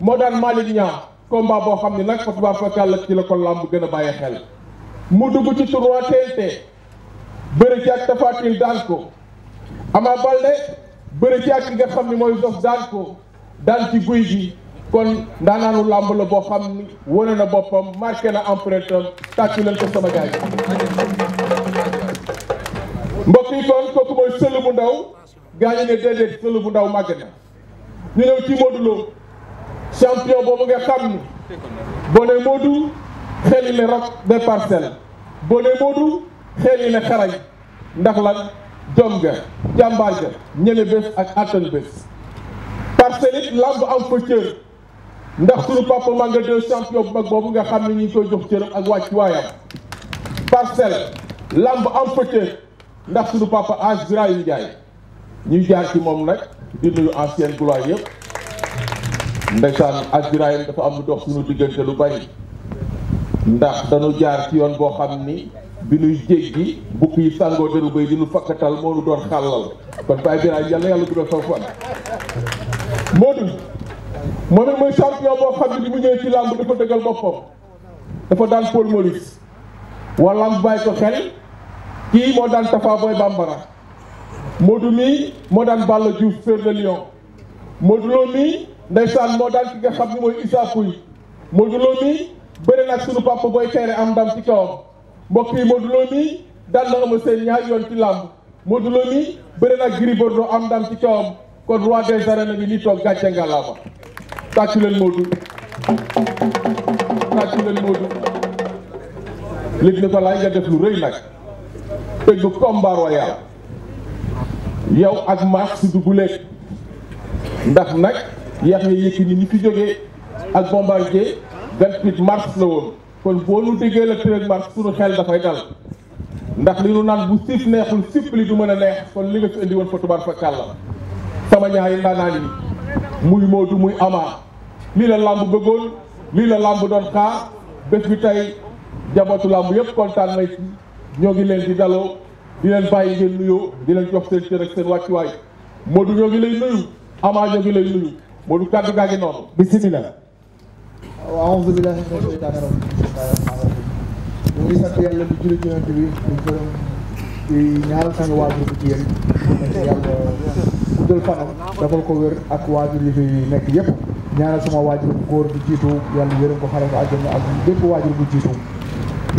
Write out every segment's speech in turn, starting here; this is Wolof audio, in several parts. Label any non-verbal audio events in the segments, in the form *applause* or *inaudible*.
moo daan Malick Niang combat boo xam ne nag fa tubaab fa kàll ci la ko làmb gën a bàyyi xel mu dugg ci tournoi TNT bëri ak Tapha daan ko Ama Baldé bëri ci nga xam ne mooy Zoss daan ko daan ci guy gi kon ndaanaanu làmb la boo xam ni wane na boppam marqué na empreinte am tàccu leen ko sama gaay mbokk kon kooku mooy sël bu ndaw gaa ñu ne déedéet sël bu ndaw màgg na ñu ñëw ci Modou Lo champion boobu nga xam ni boo ne Modou xel yi ne roc des parcelles boo ne Modou xel yi ne xarañ ndax la jom ga jàmbaar ga ñeme bés ak attan bés. parcelles it làmb am fa cër ndax suñu papa Manga deux champion bu mag boobu nga xam ne ñu ngi koy jox cëram ak wàcc waayam parcelle làmb am fa cër ndax suñu papa Azraïl Ndiaye ñuy jaar ci moom nag di nuyu ancienne gloire yëpp. ndeysaan ak Birahim dafa am lu dox suñu diggante lu bari ndax dañu jaar ci yoon boo xam ni bi ñuy jéggi bukk yi sàngoo dëru bay di ñu fakkatal moo nu doon xàllal kon Baye Birahim yàlla yàlla guddal mu ñëwee ci làmb dafa dëggal boppam dafa daan Paul Maurice waa làmb bàyyi ko xel kii moo daan Tafa Boy Bambara Modou mii moo daan Balla Diouf Fer de Lion Modou Lo mii ndeysaan moo daan ki nga xam ni mooy Issa Pouye Modou Lo mii bëri nag suñu booy teere am ndam ci kawam mbokk yi Modou Lo mii na Eumeu Sène yoon ci làmb Modou Lo mii bëri nag Gris am ndam ci kawam kon roi des arènes ngi nii toog gàcce ngalaama tàccu leen Modou tàccu leen Modou léegi ne ko laay nga def lu rëy nag tëgg combat royal yow ak maak si dugg ndax nag Yaxya Yékini ni fi jógee ak Bombardier 28 mars la woon kon boo nu déggee le 13 mars suñu xel dafay dal ndax li nu naan bu siif neexul sipp li du mën a neex kon li nga fi indi woon fa tubaar fa kàlla sama ñaari ndaanaan yi muy Modou muy Ama lii la làmb bëggoon lii la làmb doon xaar bés bi tey jabatu làmb yëpp kontaan nañ ci ñoo ngi leen di daloo di leen bàyyi ngeen nuyoo di leen jox seen cër ak seen wàccuwaay Modou ñoo ngi lay nuyu ñoo ngi lay nuyu Modou kàddu gaa ngi noonu bisimilah. waaw aouzu billahi mina shaytaani rajiim ñu ngi sant yàlla di julli ci yonent bi di gërëm di waajur bi ci yàlla guddal fanam dafal ko wér ak waajur yi fi nekk sama waajur bu góor jiitu bu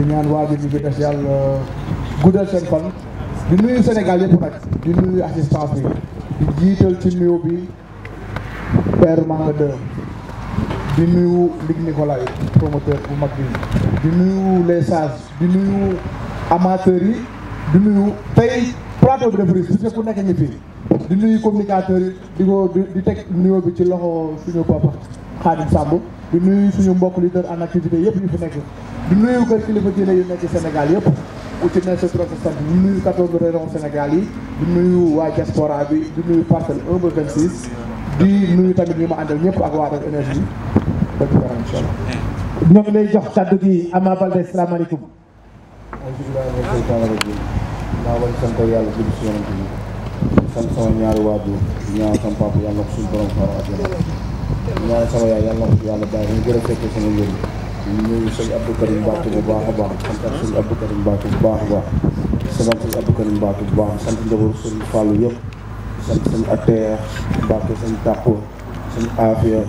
ñaan waajur bi bi des yàlla guddal seen fan di nuyu Sénégal yépp nag di nuyu assistance bi di jiital ci néew bi père Manga 2 di nuyu Luc Nicolaï promoteur bu mag bi di nuyu les sages di nuyu amateurs yi di nuyu tey plateau bi dafa riche parce ku nekk ngi fi di nuyu communicateur yi di ko di teg nuyoo bi ci loxo suñu papa Khadim Samb di nuyu suñu mbokk leader en activité yëpp yu fi nekk di nuyu kër kilifa diine nekk Sénégal yëpp ku ci nekk sa trop sant di nuyu 14 régions Sénégal yi di nuyu waa diaspora bi di nuyu parcelle 1 ba 26 di nuyu tamit ñu ma ànd ñëpp ak waa Dak Énergie ba ci kanam incha allah. ñoo ngi lay jox kàddu gi Ama Baldé salaamaaleykum. maa ngi sant yàlla jëm si yonent bi sant sama ñaari waajur ñaan sama papa yàlla ko suñu borom xaar àjjana ñaan sama yaay yàlla ko a fekkee sama njëriñ ñu nuyu sëñ Karim Mbacke bu baax baax sant sëñ Abdou Karim Mbacke baax a baax sant sëñ Abdou Karim Mbacke bu baax sant njaboot sëñ sant suñu acteur Mbacke suñu tàqu suñu aafiya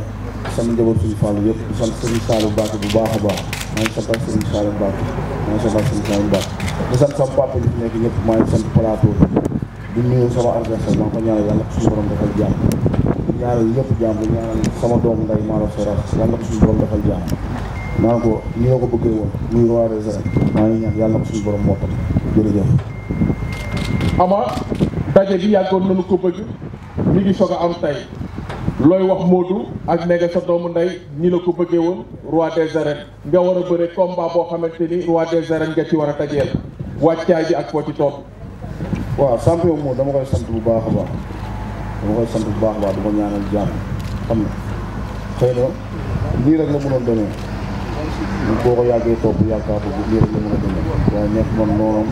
sama njaboot suñu Fallou yëpp di sant suñu Saalu Mbacke bu baax a baax maa ngi sant ak suñu Saalu Mbacke maa ngi sant ak suñu Saalu Mbacke di sant sama papa yi fi nekk ñëpp maa ngi sant plateau di nuyu sama adversaire maa ngi ko ñaanal yàlla suñu borom defal jàmm di ñaanal ñëpp jàmm di ñaanal sama doomu nday Mara Sora yàlla ko suñu borom defal jàmm maa ngi ko ni nga ko bëggee woon muy roi des arènes maa ngi ñaan yàlla ko suñu borom moo tax jërëjëf ama daje bi yàggoon nañu ko bëgg mi ngi soog a am tey looy wax Modou ak Néga sa doomu ndey ñi la ko bëggee woon roi des arènes nga war a bëre combat boo xamante ni roi des arènes nga ci war a tajeel wàccaay bi ak foo ci waa waaw champion moo dama koy sant bu baax a baax dama koy sant bu baax a baax dama ñaanal jàmm xam na xëy na rek la mënoon demee. boo ko yàggee topp yaakaar bu njëriñ la mën a demee waaye nekk man noonam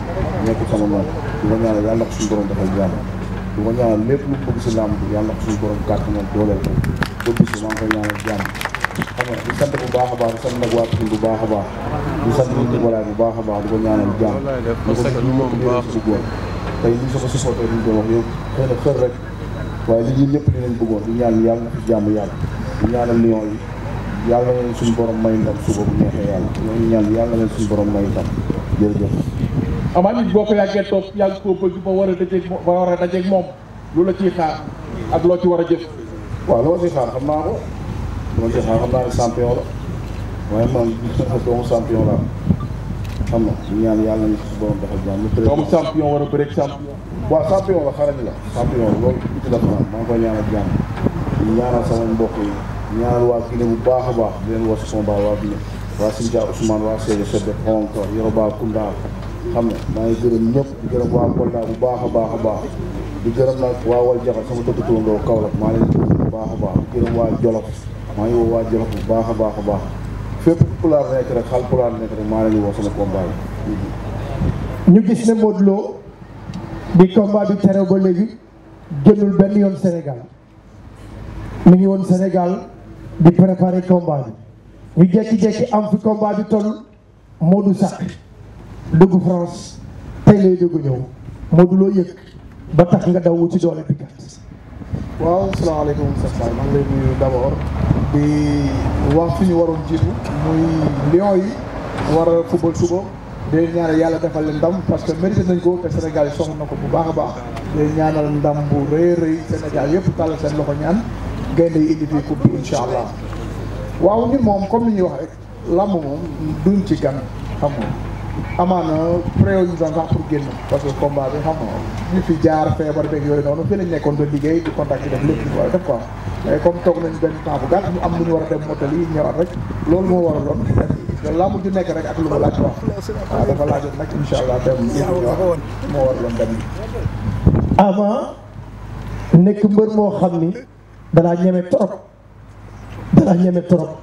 nekk sama noon du ma ñaanal yàlla ko suñu borom defal jàmm du ma ñaanal lépp lu bëgg si làmb yàlla ko suñu borom kàtt na dooleel ko ba bis maa jàmm xam nga di sant bu baax a baax di sant nag bu baax a baax di sant nit ñi walaay baax a baax di ko ñaanal jàmm di ko ñu mokk ñëw si góor tey li ñu soko li ñu ñëpp li nañ bëggoon di ñaan yàlla na jàmm yàlla di ñaanal yi yàlla leen suñu borom may ndam suba bu neexee yàlla ñooñu ñaan yàlla leen suñu borom may ndam jërëjëf. amaat boo ko yàggee toog yàgg koo bëgg ba war a dajeeg ba la ciy xaar ak loo ci war a jëf. waaw loo ciy xaar xam naa ko loo ciy xaar xam naa *laughs* doomu champion la xam na ñu ñaan yàlla nañu si borom dafa jàmm. doomu champion war a bëreeg champion. waaw champion la xarañ la champion loolu it la xanaa maa ngi koy ñaanal jàmm ñu ñaanal sama mbokk yi. ñaanal waa Guinée bu baax a baax di leen woo Sosson Ba waa Guinée waa Sindia Ousmane waa Seydou Sebe Xonka Yoroba Kounda xam ne maa ngi gërëm ñëpp di gërëm waa bu baax a baax a baax di gërëm nag waa wal jaxal sama dëkk bu baax a baax di gërëm waa Jolof maa ngi bu baax a baax a baax fépp pulaar nekk rek xal pulaar nekk rek maa leen woo sama combat yi ñu gis ne Modou Lo bi combat bi terew ba léegi génnul benn yoon Sénégal mi ngi Sénégal di préparer combat bi ñu jekki-jekki am fi combat bi toll Modou sàq dëggu France tey lay dëggu ñëw Modou loo yëg ba tax nga daw ci doole bi kat waaw salaamaaleykum Cheikh Baye maa ngi lay nuyu di wax fi ñu waroon jiitu muy Lions yi war a football suba day ñaanal yàlla defal leen ndam parce que mérité nañ ko te Sénégal yi soxla na ko bu baax a baax day ñaanal ndam bu rëy rëy Sénégal yëpp tàllal seen loxo ñaan gaynde yi indi fii coupe bi incha allah waaw ni moom comme ni ñuy wax rek làmb moom duñ ci gan xam nga amaana prévision sax pour génn parce que combat bi xam nga ñu fi jaar feebar beeg yooyu noonu fii lañ nekkoon doon di contact yi def lépp lu war a def quoi mais comme toog nañ benn temps bu gàtt a dem motal yi ñëwaat rek loolu moo a ma laaj ah, wax moo war a nekk mbër moo xam ni dalaa ñeme trop danaa ñeme trop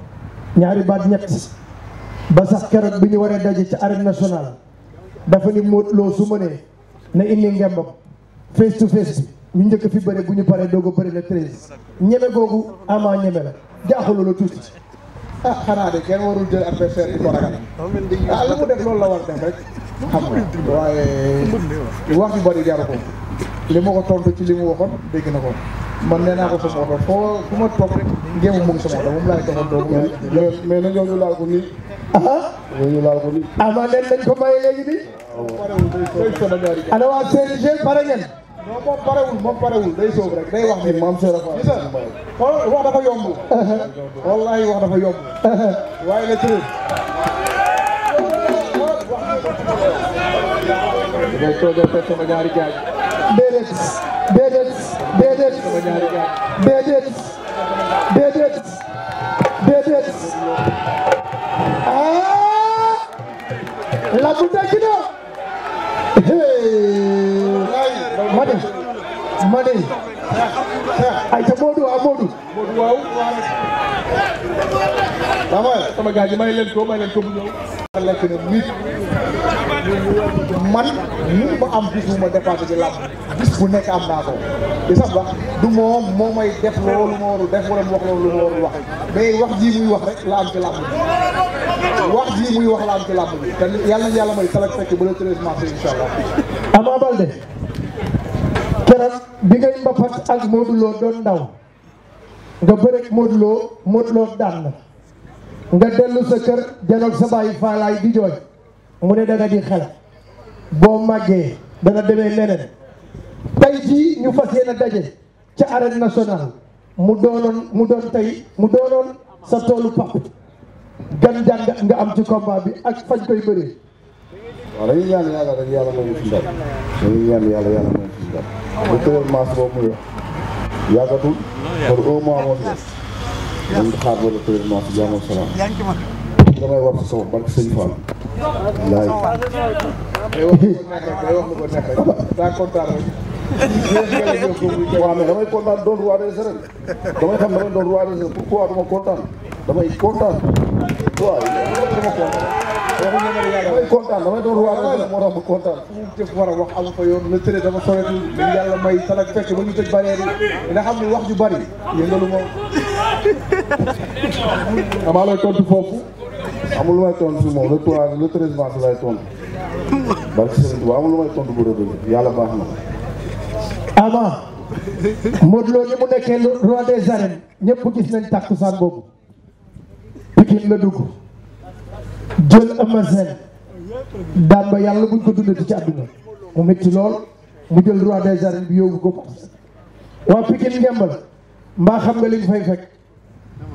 ñaari baat ñett ba sax keroog bi ñu waree daje ci arène nationale dafa ni Modou Lo su mënee na indi ngembam face to face bi ñu njëkk fi bëre bu ñu paree doo a bëri le treize. ñeme googu ama ñeme la jaaxaloo la tuuti. Ah, xanaa de kenn warul jël adversaire di ko ragal ah lu mu def loolu la war def rek xam nga waaye wax yu bëri jaru ko li ma ko tontu ci li mu waxoon dégg na ko. man nee naa ko sama oto foo ma fu ma toog rek ngeen moom sama oto moom laay toppatoo mais mais na ñoo ñu laal ko nii. ah. ah. ñoo ñu laal ko nii. ah man léegi dañ ko bàyyi léegi bi. ana waa CNG pare ngeen. non moom parewul moom parewul day soob rek day wax ni maam Serap gis nga wax dafa yomb. Ah ah. wallaahi wax dafa yomb. waaye la ci day toogee fekk sama ñaari jaaj. déedéet. déedéet déedéet déedéet déedéet déedéet ah la bu dagg na ma ne ma ne ay ta Modou waaw Modou Modou waaw waaw sama gars yi may leen ko may leen ko bu ñëw lekk na nit man mun ma am bis bu ma dépassé ci làmb bis bu nekk am naa ko li sax wax du moom moo may def loolu ma warul def wala mu wax loolu lu ma warul wax mais wax jii muy wax rek la am ci làmb bi wax jii muy wax la am ci làmb bi te yàlla yàlla may talak fekk ba le treize mars bi ngay mbapat ak Modou Lo doon ndaw nga bërek Modou Lo Modou Lo daan nga dellu sa kër janoog sa faalaay di jooy mu ne danga di xalaat boo màggee dana demee leneen tey jii ñu fas yéene daje ca arène nationale mu doonoon mu doon tey mu doonoon sa toolu papp gan jàng nga am ci combat bi ak fañ koy bëree. waaw dañuy ñaan yàlla rek yàlla moomu ci ndam dañuy ñaan yàlla yàlla moomu bu tëwal maas boobu muy wax yàggatul pour un mois moom des dañuy xaar ba le maas bi jaamu damay war sama barke sëñ Fall. laay. waaw mais damay kontaan doon roi des arènes damay xam damay doon roi des arènes pourquoi dama kontaan damay kontaan. waaw dama kontaan. damay kontaan damay doon roi des arènes moo tax ma kontaan. fu mu jëf war a wax amu fa yoon la tëddee dama soreetu li yàlla may talag fekk ba ñu tëj barrière yi nga xam ne wax ju bari yëngalu moom. amaa lay tontu foofu. amul lu may tontu moom le trois le treize mars lay tontu barke Serigne Touba amul lu may tontu bu rëdd yàlla baax na. moo Modou Lo ni mu nekkee roi des arènes ñëpp gis nañ takkusaan boobu Pikine la dugg jël Eumeu Sène daan ba yàlla buñ ko dundati ci àdduna mu métti lool mu jël roi des arènes bi yóbbu ko waa Pikine ngembal mbaa xam nga liñ fay fekk.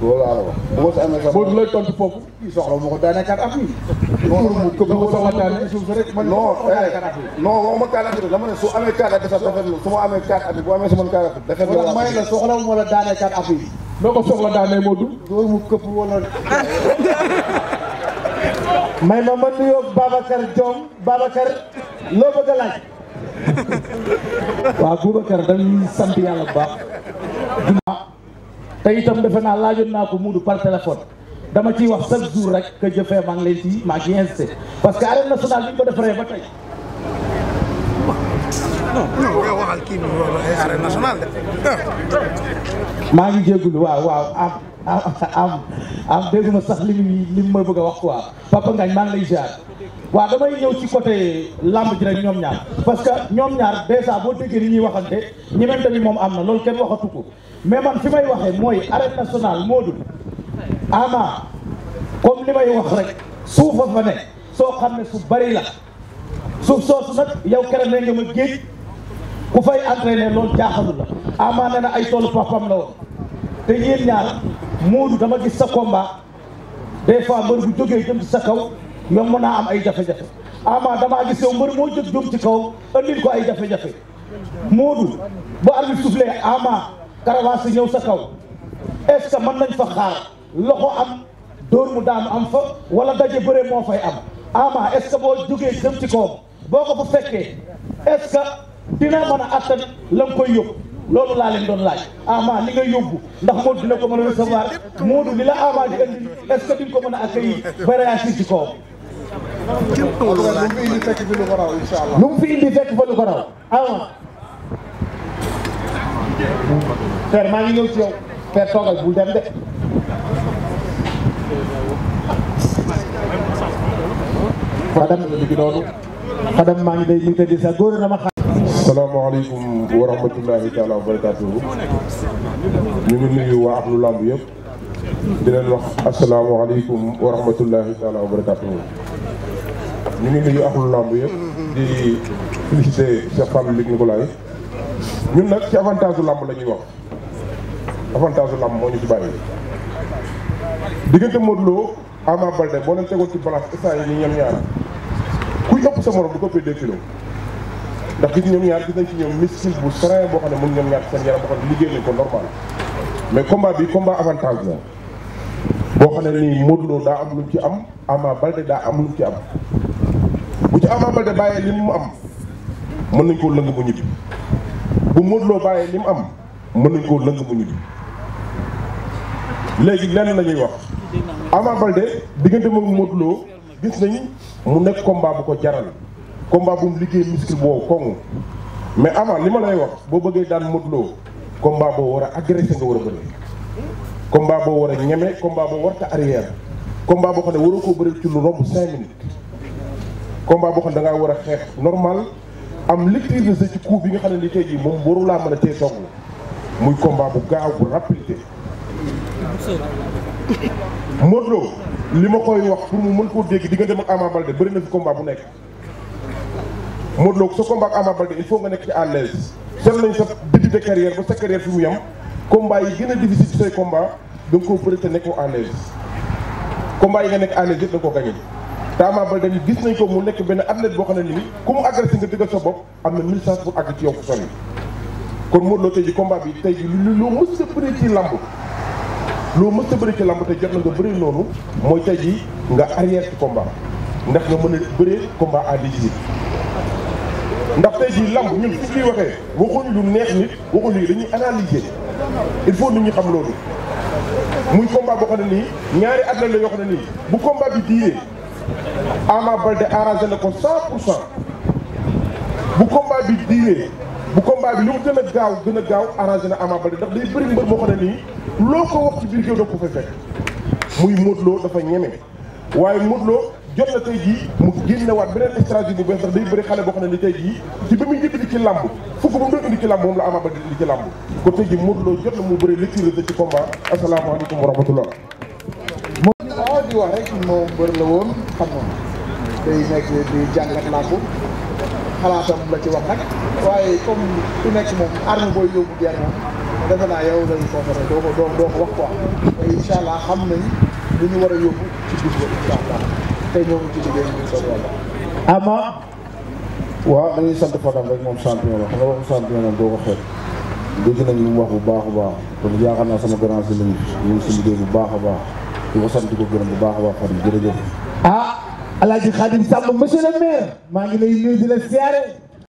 loolu laa la wax. boo si amee sa boo lay tontu foofu. soxla ma ko daanee kat at yi. non non kër bu soxla daanee suuf rek man. non non waxuma kat at yi dama ne su amee kat at yi sax dafa su ma amee kat at yi bu amee sama kat at yi. dafa wala may la soxla wala daanee kat at yi. noo ko soxla daanee moo dul. loolu mu këpp wala. may ma ma nuyoo Babacar Diom Babacar loo bëgg a laaj. *laughs* waaw Boubacar dañuy sant yàlla bu baax. te itam defe naa laajoon naa ko Moodu par téléphone dama ciy wax chaque jour rek que jëfee maa ngi leen ci maa ngi insisté parce que arène nationale bi ñu ko defaree ba tey. non maa ngi jégalu waaw waaw am am am dégg na sax li muy li mu ma bëgg a wax quoi Papa Ngagne maa ngi lay ziar waaw damay ñëw ci côté lamb ji rek ñoom ñaar parce que ñoom ñaar saa boo déggee ni ñuy waxante ñi ni moom am na loolu kenn waxatu ko. mais man fi may waxee mooy arène nationale Modou Ama comme li may wax rek suufa fa ne soo xam ne su bari la suuf soosu nag yow keroog nee nga ma géej ku fay entraîné loolu jaaxalul la Ama nee na ay toolu papam la woon te yéen ñaar Modou dama gis sa combat des fois mbër bu jógee jëm ci sa kaw yow mën naa am ay jafe-jafe Ama damaa gis yow mbër moo jóg jëm ci kaw andil ko ay jafe-jafe Modou bu arbitre soufflé Ama caravane si ñëw sa kaw est man que mën nañ fa xaar loxo am dóor mu daanu am fa wala daje bëre moo fay am ama est ce boo jógee jëm ci koo boo ko fa fekkee est ce que dina mën a attan la nga koy yóbbu loolu laa leen doon laaj ama li nga yóbbu ndax Modou dina ko mën a recevoir Modou li la ama di indi est ce que duñ ko mën a accueillir variation ci koom. lu mu fi indi fekk fa lu ko raw père maa ngi ñëw ci yow père toogal bul dem de. Fadam ñu ngi noonu Fadam maa ngi day nit a di sa góor na ma xam. salaamaaleykum wa rahmatulahi taala wa barakaatuhu ñu ngi nuyu waa làmb yëpp di leen wax asalaamaaleykum wa rahmatulahi taala wa barakaatuhu ñu ngi nuyu ahlu làmb yëpp di félicité Cheikh Fallou Luc Nicolaï ñun nag ci avantage u làmb la ñuy wax avantage u làmb moo ñu ci bàyyi diggante Modou Lo Ama Baldé boo leen tegoon ci balance instant yi nii ñoom ñaar kuy ëpp sa morom bu ko ëppee deux kilos ndax gis ñoom ñaar gis nañ ci ñoom mystique bu serein boo xam ne mën ñoom ñaar seen yaram boo xam ne liggéey nañ ko normal mais combat bi combat avantage la boo xam ne nii Modou daa am lu ci am Ama Baldé daa am lu ci am bu ci Ama Baldé bàyyee li mu am mën nañ koo lëng mu ñibbi bu Modou Lo bàyyee li mu am mën nañ koo lëng mu ñu di léegi lenn la ñuy wax Ama Baldé diggante moom Modou Lo gis nañ mu nekk combat bu ko jaral combat bu mu liggéey muscle boobu koŋŋ mais Ama li ma lay wax boo bëggee daan Modou Lo combat boo war a agressé nga war a bëri combat boo war a ñeme combat boo warta arrière combat boo xam ne waroo koo bëri ci lu romb cinq minutes combat boo xam ne da war a xeex normal am maîtrise ci coup bi nga xam ne ni tey jii moom waru laa mën a tee song muy combat bu gaaw bu rapidité Modou Lo li ma koy wax pour mu mën koo dégg diggante ak Ama Baldé bëri na fi combat bu nekk Modou Lo sa combat ak Ama Baldé il faut nga nekk ci à l'aise seet nañ sa début de carrière ba sa carrière fi mu yam combat yi gën a difficile ci say combat koo bëri te nekkoo à l'aise yi nga nekk à yëpp da koo gagné Ama Baldé tamit gis nañ ko mu nekk benn athlète boo xam ne nii ku mu agressé nga dëggal sa bopp am na mille chance pour àgg yow fu sori kon Modou Lo tey ji combat bi tey ji lu loo mës a bëri ci làmb loo mës a ci làmb tey jot na nga bëri noonu mooy tey ji nga arrière ci combat ndax nga mën a bëree combat à décision ndax tey ji làmb ñun fi ñuy waxee waxuñ lu neex nit waxuñ lii dañuy analyser il faut nit ñi xam loolu muy combat boo xam ne nii ñaari athlète la yoo xam ne nii bu combat bi diiree Ama de arrangé na ko 100 pour cent bu combat bi diwee bu combat bi lu mu gën a gaaw gën a gaaw arrangé na Ama Baldé ndax day bëri mbër moo xam ne nii loo ko wax ci biir géew doo ko fay fekk muy Modou Lo dafa ñeme waaye Modou Lo jot na tey jii mu génnewaat beneen stratégie day bëri xale boo ne ni tey jii ci ci làmb fukk ba mu doon ci làmb moom la Ama Baldé di indi ci làmb kon tey jii Modou Lo jot na mu bëri lecture ci combat asalaamaaleykum wa rahmatullah di wax rek moo bër la woon xam nga la ci wax nag waaye comme nekk moom arme booy yóbbu guerre moom defe naa yow lañu doo ko doo ko wax quoi te incha allah xam nañ lu ñu war a yóbbu ci bis ba incha allah te ñoo ci liggéey ñu ngi ko ama waaw dañuy sant Fadam rek moom sant la xam nga waxu champion la doo ko xeet dégg nañ wax bu baax a baax kon naa sama grand si lañu liggéey bu baax a baax di ko sant bu baax a baax Fatou jërëjëf. ah El Hadj Khadim Samb monsieur le maire maa ngi lay nuyu di la siyaare.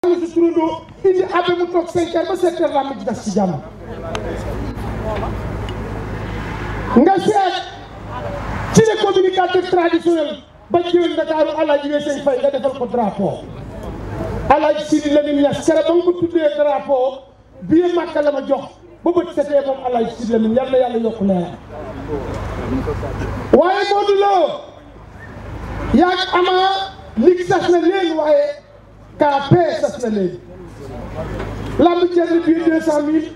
maa ngi si turandoo indi abe mu toog 5 heures ci jàmm. nga seet ci les communicateurs ba jël Ndakaaru El Hadj Weesey Faye nga defal ko drapeau. El Hadj Sidi Lamine Niass keroog ba nga ko tuddee drapeau bii Màkka la ma jox ba bët setee moom El Hadj Sidi Lamine yàlla yàlla yokk leer. waaye Modou Lo yaag Ama lig sas na leen waaye KP sas na leen lamb jar na biir deux cent mille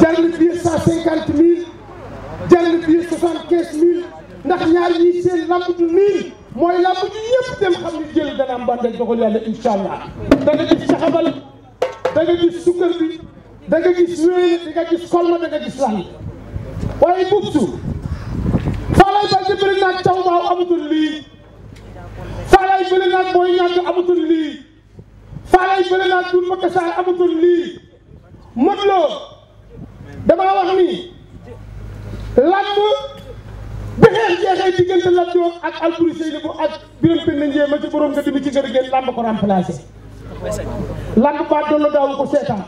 jar na biir cent cinquante mille jar na biir soixante quinze mille ndax ñaar ñii seen lamb du nii mooy lamb du ñëpp dem xam ni jël dana am bàndañ dogal yàlla incha allah da gis caxabal da gis sukkar bi da gis wéyale da gis kolma da gis lan waaye bubsu falay ba Jibril Niang Thiaw Mbao amatul lii falay bële naag Boy Niang lii falay bële naag Doudou Maka Sarr lii Modou Lo damaa wax ni làmb bi jeexee diggante Lat Dior ak Alboury Seynabou ak Birame Penda Ndiaye ma ci borom nga dimi ci gër ngeen ko remplacé làmb ba doon la daawu ko seetaan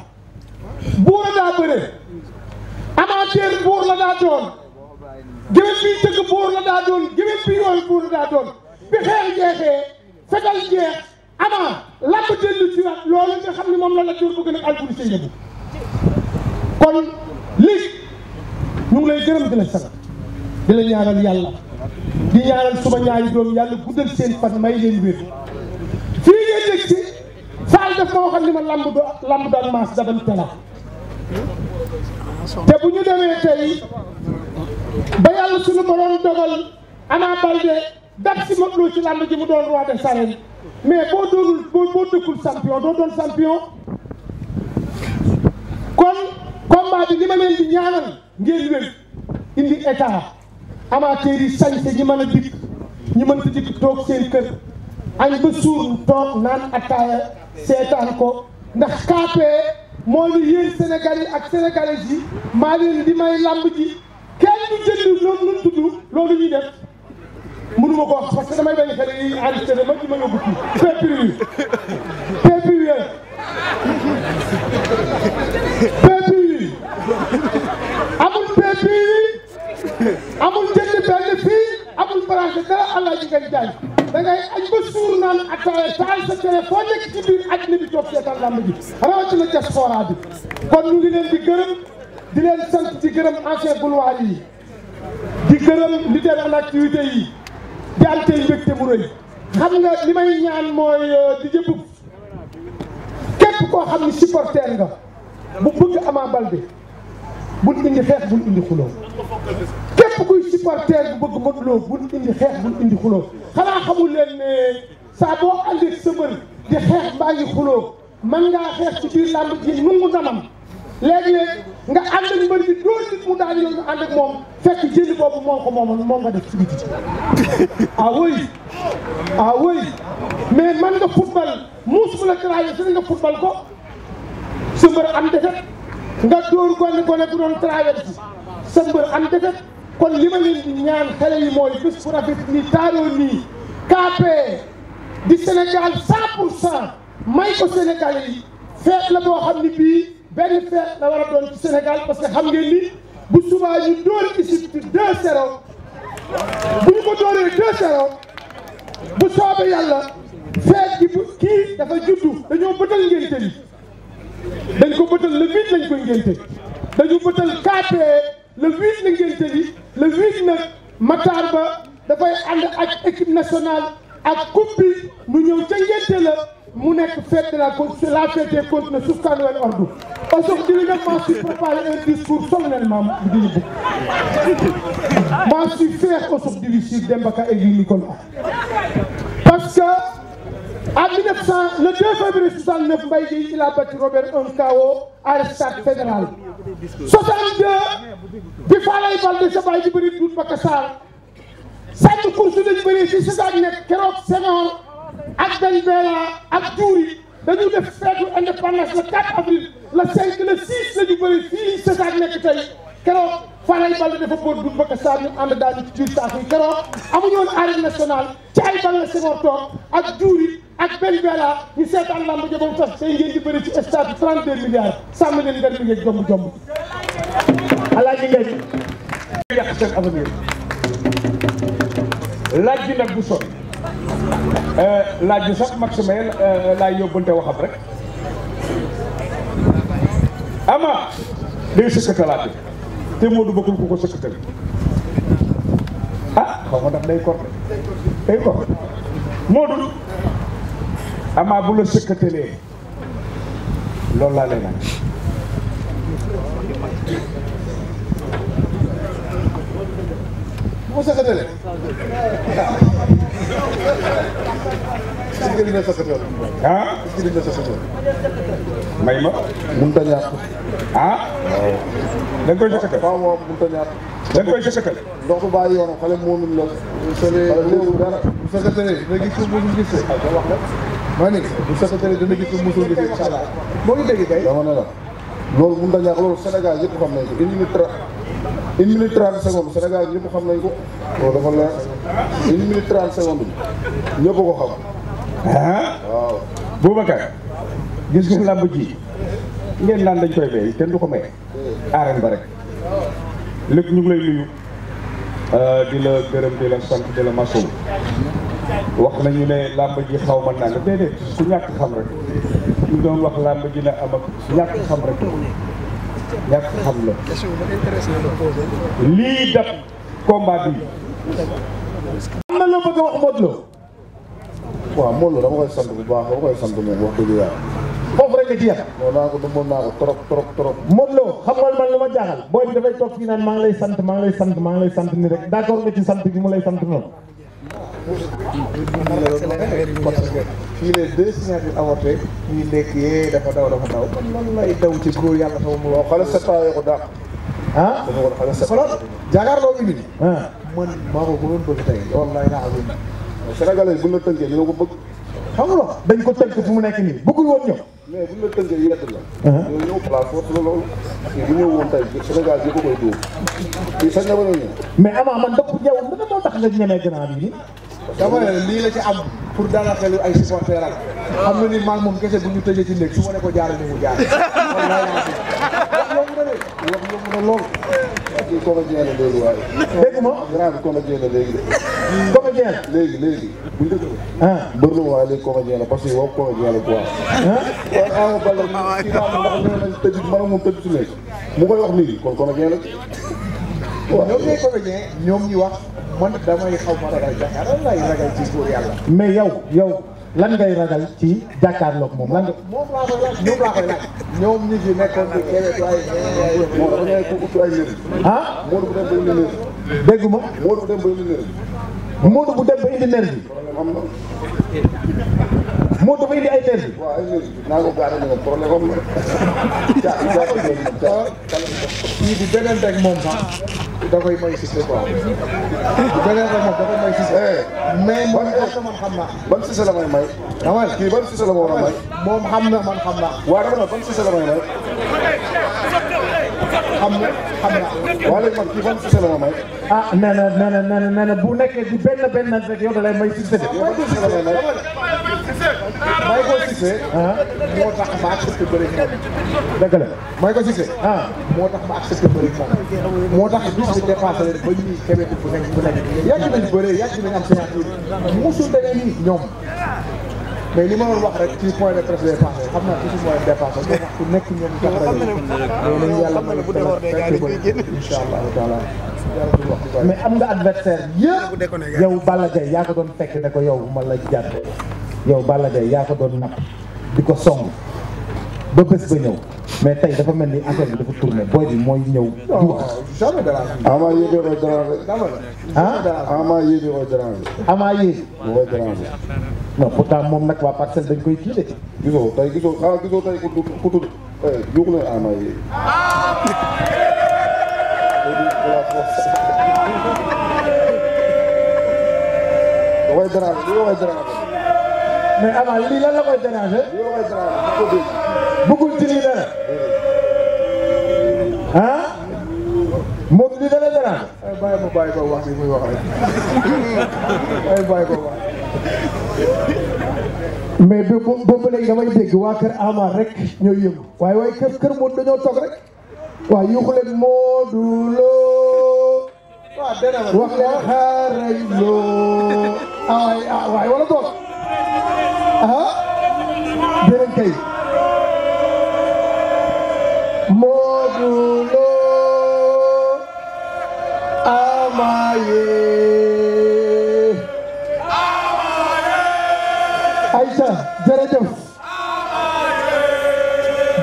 buur daa bëre amateur buur la daa doon géwél bi tëgg buur la daa doon géwél bi yooyu la daa doon bi xeex jeexee fetal jeex amaa làmb dellu ci waat loolu nga xam ne moom la la jor bëgg nag alkouri sa yëbu kon lig ñu ngi lay gërëm di la sant di la ñaanal yàlla di ñaanal suma ñaari doom yàlla guddal seen fan may leen wér fii ngeen dëg si Fall daf ma waxal ni ma lamb do lamb daan maas dadam tela te bu ñu demee tey ba yàlla suñu borom dogal Ama Baldé dab si Modou Lo ci làmb ji mu doon roi des mais boo doonul boo dëkkul champion doo doon champion kon combat bi li ma leen di ñaanal ngeen wér indi état amateurs yi sañse ñi mën a dikk ñi mën a dikk toog seen kër añ ba suur toog naan attaaya seetaan ko ndax kaapee moo ñu yéen Sénégal yi ak sénégalais yi maa leen may làmb ji kenn jënd loolu lu tudd loolu ñuy def mënuma ko wax parce que damay bañ a fekk dañuy enregistré ma ci ma yóbbu kii PPV PPV PPV amul ji ngay jaay da ngay añ ba suur naan ataaya taal sa télé foo nekk ci bi toog seetaan làmb ji rawatina diaspora bi kon ñu ngi leen di di leen sant di gërëm ancien boulevard yi di gërëm leader en activité yi di am tey mbégte bu rëy xam nga li may ñaan mooy euh, di jëpp képp koo xam ni supporter nga bu bëgg Ama Baldé bul indi xeex bul indi xuloo képp kuy supporter bu bëgg Modou Lo bul indi xeex bul indi xuloo xanaa xamul leen ne saa boo àndeek sa mbër di xeex mbaa ngi xuloo man ngaa xeex ci biir làmb ji nungu namam léegi-léeg nga ànd ak mbër bi dóor nit mu daal yow nga ànd ak moom fekk jënd boobu moom ko moom moom nga def ci biti *laughs* ah oui ah oui mais man nga football muus bu la trahir si nga football ko sa mbër am defet nga dóor gone gone bu doon traverse sa mbër am defet kon li ma leen ñaan xale yi mooy bés bu rafet ni taaroo nii KP di Sénégal 100 pour cent may ko Sénégalais yi feet la boo xam ni bii benn feet la war a doon ci Sénégal parce que xam ngeen ni bu subaa ñu dóor Égypte 2-0 bu ñu ko dóoree 2-0 bu soobee yàlla feet gi kii dafa juddu dañoo bëtal ngénte dañ ko bëtal le huit lañ dañu bëtal KPE le huit la ngénte li le Ba dafay ànd ak équipe nationale ak coupe mu ñëw ca mu nekk fête de la la fête des comptes ne Soukhane wal ordu aujourd'hui nag maa ngi préparé un discours solennellement bu di maa ngi fier aujourd'hui sur Demba Ka et Louis Nicolas parce que en 1900 le 2 février 69 Mbaye Guèye il a battu Robert un KO à stade fédéral 62 bi Falaye Baldé sa baay ji bëri Doudou Baka Sarr sànq course dañu bëri si stade nekk keroog Senghor ak dañ Bella ak Diouri dañu def feetu indépendance le 4 avril le 5 le 6 la ñu bëri fii César nekk tey keroog Faray Baldé dafa boon dun bëgg a saa ñu ànd daal ci biir saako yi keroog amuñu woon arène nationale ci ay Balla Senghor ak Diouri ak benn Bella ñu seetaan lamb mu fas tey ngeen di bëri ci stade 32 milliards sàmm leen ngeen mi ngeeg jomb jomb alaaji ngay yàq seen avenir laaj bi nag bu Euh, laaj bi sax Maximel euh, laay yóbbante waxam rek ama day sëkkatalaat te Modou bëggul ku ko sëkkatal ah xaw ma ndax day kor day kor Modou ama bu la sëkkatalee loolu laa lay naan bu ko sëkkatalee ah. may ma. mënut a ñàkk. ah. ma nga koy jëkkër. waaw waaw mënut a ñàkk. da nga koy jëkkër. ndox bu bàyyi yoonam xale moomul la. bu sëlee bu dara bu sëkkatee dina gis ko mënul gisee. ma ne bu sëkkatee dina gis ko mënul gisee incha allah. moo ngi dégg kay. dama ne la une minute trente senegal Sénégal ñëpp xam nañ ko loolu dafa leer une minute trente secondes ñëpp ko xam. Ah? waaw. Boubacar gis nga làmb ji ngeen naan dañ koy béy kenn du ko maye. aaren ba rek lépp ñu ngi lay nuyu. Euh, di la gërëm di la sant di la masawu. wax nañu ne làmb ji xaw ma naan déedéet ku ñàkk xam rek ñu doon wax làmb ji ne am ñàkk xam rek. ñàkk xam la. lii dab combat bi. am na la bëgg a wax Modou Lo. waaw Modou Lo dama koy sant bu baax dama koy sant moom wax dëgg yàlla. foofu rek a jeex. non naa ko man lu ma jaaxal booy bi dafay toog fii naan maa lay sant maa ngi lay sant maa ngi lay sant nii rek d'accord nga ci sant gi mu lay sant noonu. fii les deux signatures avorté ñuy nekk yee dafa daw dafa daw kon lan lay daw ci góor yàlla sama mu loo xoolal sa taayoo ko dàq ah dafa war a xoolal sa xoolal jàkkaarloo bi nii ah. ah. man maa ko gënoon bëgg tey wallaay naa azim sénégalais bu la tënkee dina ko bëgg xam nga dañ ko tënk fu mu nekk nii bëggul woon ñëw mais bu la tënkee yedd la. ñoo ah. ñëw place force la loolu. bu ñëw woon tey Sénégal bi ko koy dóor. fii sax ñëwal mais avant man dëkk yow bu ne moo tax nga ñemee grand bi. dama ne lii la ci am pour dara xelu ay supporter ak xam nga ni maa moom kese bu ñu tëjee ci néeg su ma ne ko jaarale mu jaar. *laughs* wax yomb na lool. kii comédien la léegi waaye. dégg ma léegi. léegi léegi. bu njëkk la. mbër la waaye léegi comédien parce que yow comédien la quoi. ah waaw bala kii naa ko ndax nee nañ tëj su nekk mu koy wax léegi kon comédien la. waaw ñoom ñooy ñoom ñu wax man damay xaw ma ragal jàkkaarloo laay ragal ci góor yàlla. mais yow yow. lan ngay ragal ci jàkkaarloog moom lan nga. moom laa koy laaj ñoom laa koy laaj. ñoom ñu ngi nekkoon di ah? bu dem ba indi nerf bi. dégg bi. moo dafay di ay teel. waaw naa ko gaaree ne problème am la. caa caa caa kii bi beneen rek moom sax da koy may Cissé quoi. beneen rek moom da koy may Cissé. Eh. mais moom sax man xam naa. ban Cissé la may may. dama ne kii ban Cissé la ma war a may. moom xam na man xam naa. waaw dama ne ban Cissé la may may. xam nga xam naa wala man kii ban succès la ma may. ah nee na nee na nee na nee na bu nekkee di benn benn nag rek yow da lay may succès de. yow ban succès la may may. may ko succès. ah moo tax ma accepté bëri moom. dëgg la may ko succès. ah moo tax ma accepté bëri moom. moo tax bis bi dépassé leen ba ñuy Québec bu nekk bu nekk. yàgg nañ bëree yàgg nañ am signature mosul demee nii ñoom. mais li ma doon wax rek ci point de presse lay passé xam naa toujours mooy dépassé wax ku nekk ñoom jox rajo yàlla may incha allahu taala mais am nga adversaire yëpp yow Balla Gaye yaa ko doon fekk ne ko yow ma la jàpp yow Balla Gaye yaa ko doon napp di ko song ba bés ba ñëw mais tey dafa mel ni affaire bi dafa tourné booy bi mooy ñëw di wax. ama yébi mooy dérangé. ah ama yébi mooy dérangé. ama yébi mooy dérangé. non pourtant moom nag waa parcelle dañ koy kii de. gisoo tey gisoo ah gisoo tey ku tudd ku tudd eh, yuux na ama yi. way déranger li way déranger. mais lii lan la koy déranger. li way déranger bëggul ci moom lii dana déranger. ay bàyyi ma bàyyi ko wax bi muy wax *laughs* mais ba boobu léegi damay dégg waa kër Ama rek ñoo yëngu waaye waaye kër kër Modou dañoo toog rek waa yuuxu leen Modou Lo wax leen xaaral loo ah ah waaye wala boog ah déedéet kay Modou Lo Ama yee. acca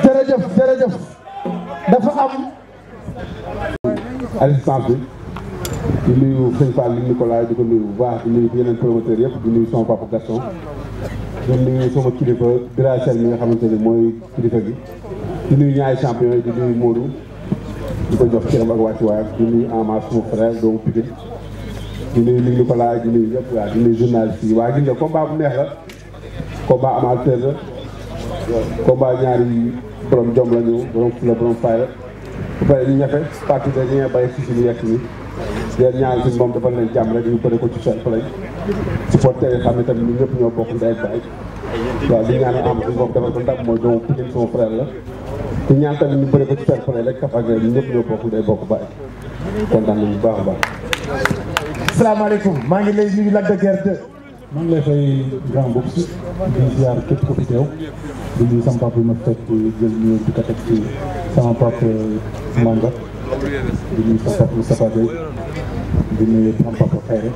jërëjëf jërëjëf jërëjëf dafa am à distance bi di nuyu sëñ Fall Nicolas di ko nuyu bu baax di nuyu yeneen promoteurs yëpp di nuyu sama papa Gaston di nuyu sama kilifa Birasel mi nga xamante ni mooy kilifa gi di nuyu ñaari champion yi di nuyu Modou di ko jox cëram ak wàccuwaayam di nuyu Ama suma frère doomu Pikine di nuyu Nicolas di nuyu yëpp waaw di nuyu journaliste yi waaye gis nga combat bu neex la combat amateur la combat ñaari borom jom la ñu borom fula borom fay la bu paree ñu ñafe parti de ñu ngi bàyyi fii si ñu yekk nii yéen ñaari suñ moom dafa leen ko ci seen play supporter yi xam ne tamit ñëpp ñoo bokk ndey baay waaw di ñaan am suñ moom dafa ko ndam la te ñaan tamit ñu bëri ko ci seen play rek kaf ak ñun ñëpp ñoo bokk ndey bokk baax a baax. maa ngi lay fay grand box di ziar képp ko fi teew di nuyu sama ma fekk jël nuyu di ko teg ci sama papa Manga di nuyu sama papa Moustapha Gueye di nuyu sama papa Khayre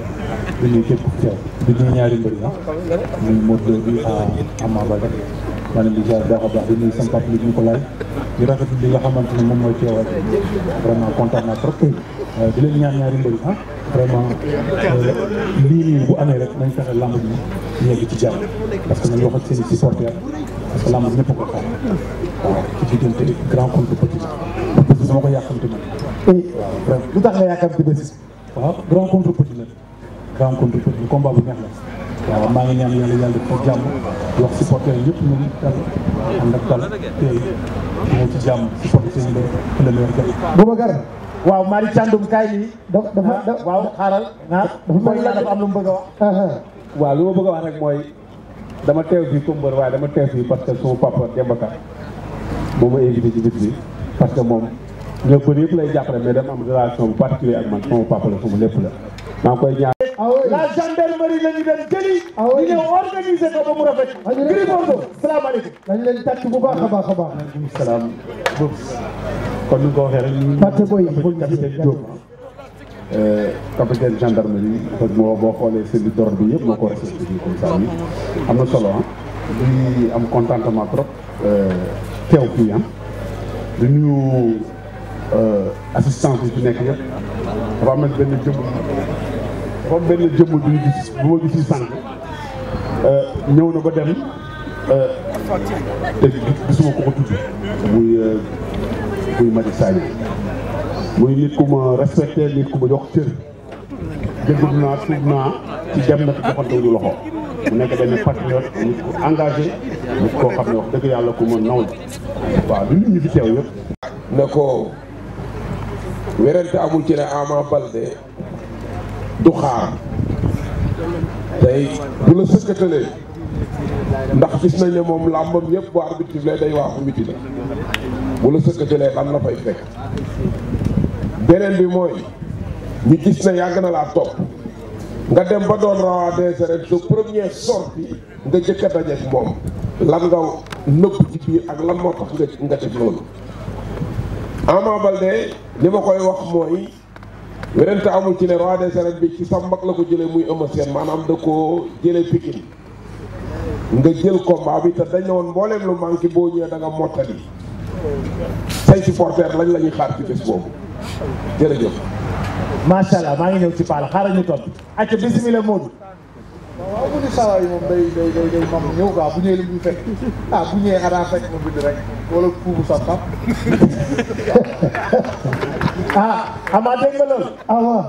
di nuyu képp ko teew di nuyu ñaari mbër yi ah muy Modou Lo bi à Ama Baldé maa ngi leen di ziar baax a baax bi ñu ko laaj di rafetlu li nga xamante ne moom mooy teewal vraiment kontaan naa trop euh, di leen ñaan ñaari mbër yi ah. vraiment euh, lii nii bu amee rek nañ fexe lamb bi yegg ci jàmm parce que nañ wax ak seen i parce que lamb bi ko xam waaw ci diggante grand contre petit parce que sama lu tax nga yàkkamti bés waaw grand contre petit la grand bu neex la waaw maa ngi ñaan yàlla yàlla def ko jàmm wax supporters yëpp ñu dal ànd ak dal tey ñëw ci jàmm supporter seen i le waaw Mari Thiandoum kaay nii. dafa ah, waaw xaaral. Ah, dafa am lu mu bëgg a wax. Ah, waaw li ma bëgg a wax rek mooy dama teew fii Koungheul waaye dama teew fii parce que suma papa Demba Ka moom ma invité ci bis parce que moom ñoom bëri yëpp lay jàppale mais dama am relation bu particulier ak man sama papa la sama lépp la maa ngi koy ñaan. la gendarmerie la ñu dem mu rafet. Gris Bordeaux salaamaaleykum. dañ leen tàcc bu baax a baax a baax. maaleykum kon nu nga ko waxee rek ñu ngi capitaine Diop euh, capitaine gendarmerie parce que boo xoolee service d'ordre bi yëpp moo ko respecté comme ça bi am na solo ah. am contentement trop euh, teew fii ah di euh, assistance bi fi nekk yëpp dafa am benn jëmm dafa am gis bu ma ñëw na ba dem te gisuma ko ko tudd Guy Marius Sagna muy nit ku ma respecté nit ku ma jox cër dëggub naa tuub naa ci dem na joxantewuñu loxo mu nekk benn patriote nit ku engagé nit koo xam ne wax dëgg yàlla ku ma naw waaw li nit ñi fi teew yëpp na ko werante amul ci ne Ama Baldé du xaar tey bu la sëkkatalee ndax gis nañ ne moom làmbam yëpp bu arbitre lay day waaxu miti la bu la sëkkatilee lan la fay fekk beneen bi mooy ñu gis ne yàgg na laa topp nga dem ba doon rawa des rek sa première sortie nga jëkk a dajeek moom lan nga nëbb ci biir ak lan moo tax nga nga def loolu Ama Baldé li ma koy wax mooy werante amul ci ne roi des arènes bi ci sa mag la ko jëlee muy Eumeu Sène maanaam da koo jëlee Pikine nga jël combat bi te dañ ne woon mbooleem lu manqué boo ñëwee danga nga mottali say supporters lañ la ñuy xaar ci bés boobu jërëjëf. macha allah maa ngi ñëw ci Palla xaaral ñu topp acca bisimilah Modou. waaw mu ni saa waay moom day day day day mam ñëw quoi bu ñëwee li muy fekk ah bu ñëwee xanaa fekk ma bind rek wala kuubu sax sax. *laughs* ah Amath dégg nga loolu. ah waaw.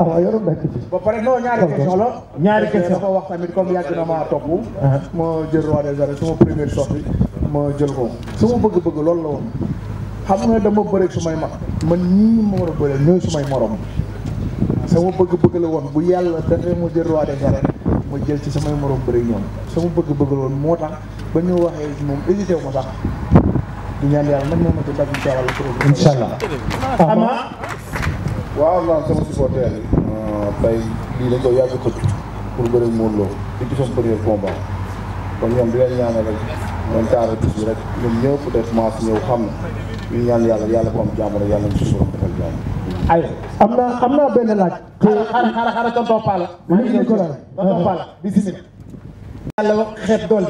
Ah, waaw yoru mbett bi ba pare non ñaari question la ñaari question dafa wax tamit comme yàgg na maa topp ah. ma jël roi des arènes sama première sortie ma jël ko su ma bëgg-bëgg loolu la woon xam nga dama bëri su may mag man ñii ma war a bëri ñooy su may morom sama bëgg-bëgg la woon bu yàlla dafay ma jël roi des arènes ma jël ci samay morom bëri ñoom sama bëgg-bëgg la woon moo tax ba ñu waxee moom hésité wu ma sax di ñaan yàlla man moom a ci dagg incha allah incha allah waaw naan sama supporter yi euh, tey lii dañ koy yàgg ko pour bëri Modou Lo di ci son premier combat kon ñoom di leen ñaanal rek ñoom taara bis bi rek ñoom ñëw peut na yàlla yàlla ko am jàmm yàlla ñu si borom defal jàmm am naa am naa benn laaj xaaral xaaral xaaral tonton Pala lii ko la tonton Pala bismillah yàlla wax xeet dool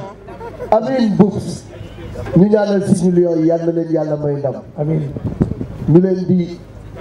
amiin buubs ñu yi yàlla leen yàlla may ndam amiin leen di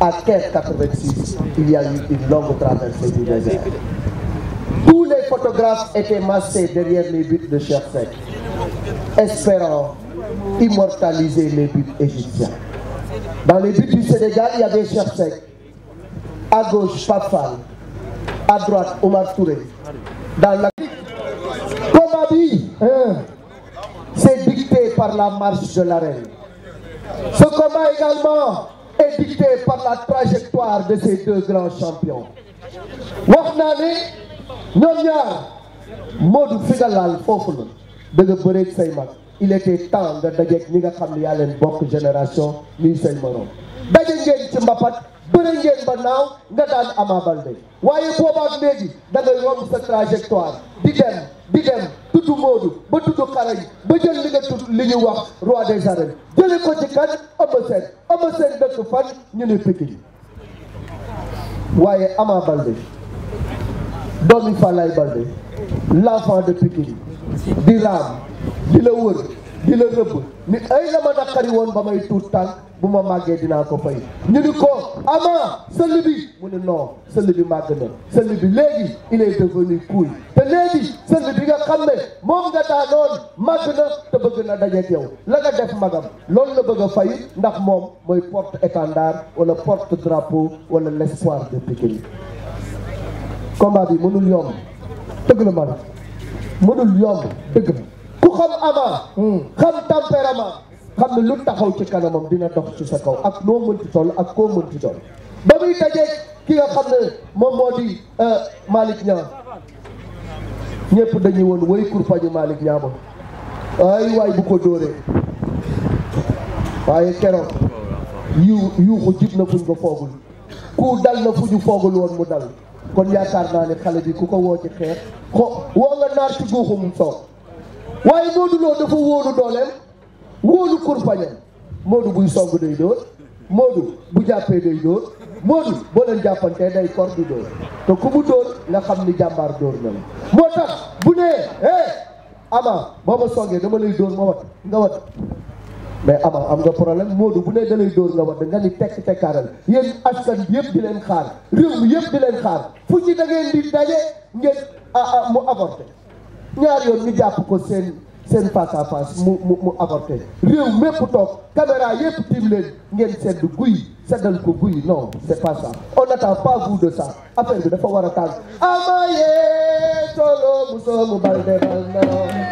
à 1586, il y a eu une longue traversée du désert. Tous les photographes étaient massés derrière les buts de Cheikh espérant immortaliser les buts égyptiens. Dans les buts du Sénégal, il y avait Cheikh À gauche, Pafal. À droite, Omar Touré. Dans la... Kobabi hein, s'est dicté par la marche de la reine. Ce combat également est dicté par la trajectoire de ces deux grands champions wax naa ne ñoom ñaar Modou fi nga laal foofu la dëgg bëreeg say mag il était temps nga dajeeg ñi nga xam ne yaa leen bokk génération ñuy say morom daje ngeen ci mbapat bëre ba naaw nga daan Ama Baldé waaye boobaak léegi da ngay yomb sa trajectoire di dem di dem tudd Modou ba tudd xarañ ba jël li tudd li ñuy wax roi des arènes jële ko ci kan Eumeu Sène Eumeu Sène dëkk fan ñu ne Pikine waaye Ama Baldé doomi Falaye Baldé l'enfant de Pikine di raam di la wër di la rëbb ni ay la ma naqari woon ba may tuut tànk bu ma màggee dinaa ko fay ñu ni ko ama sëll bi mu ne non sëll bi màgg na sëll bi léegi il est devenu kuuy te léegi sëll bi nga xam ne moom nga daanoon màgg na te bëgg na dajeeg yow la nga def magam lool la bëgg a fay ndax moom mooy porte étendard wala porte drapeau wala l'espoir de Pikine combat bi mënul yomb dëgg la ma mënul yomb dëgg la xam ama hmm. xam tempérament xam ne lu taxaw ci kanamam dina dox ci sa kaw ak noo mënti toll ak koo mënti toll ba muy dajeeg ki nga xam ne moom moo di euh, Malick Niang ñëpp dañuy woon way kurpañu Malick Niang moom ay waay bu ko dóoree waaye keroog yu yuuxu jib na fuñ ko foogul ku dal na fu foogul woon mu dal kon yaakaar naa ne xale bi ku ko woo ci xeex woo nga naar ci guuxu mu waaye Modou Lo dafa wóolu dooleel wóolu kurpañam Modou buy song day dóor Modou bu jàppee day dóor Modou boo leen jàppantee day kor di dóor te ku mu dóor nga xam ni jàmbaar dóor na la moo tax bu nee eh boo ma songee dama lay dóor ma wat nga wat mais Ama am nga problème Modou bu nee da lay dóor nga wat nga ni tekk tekkaaral yéen askan bi yëpp di leen xaar réew mi yëpp leen xaar fu ci da ngeen di daje ngeen ah, ah, mu avorté ñaari yoon ñu jàpp ko seen seen face à face mu mu mu avorté réew mépp toog caméra yépp tiim leen ngeen guy seddal ko guy non c'est pas ça on n'attend pas vous de ça affaire bi dafa war a tàgg amaye solo mu soomu balde bal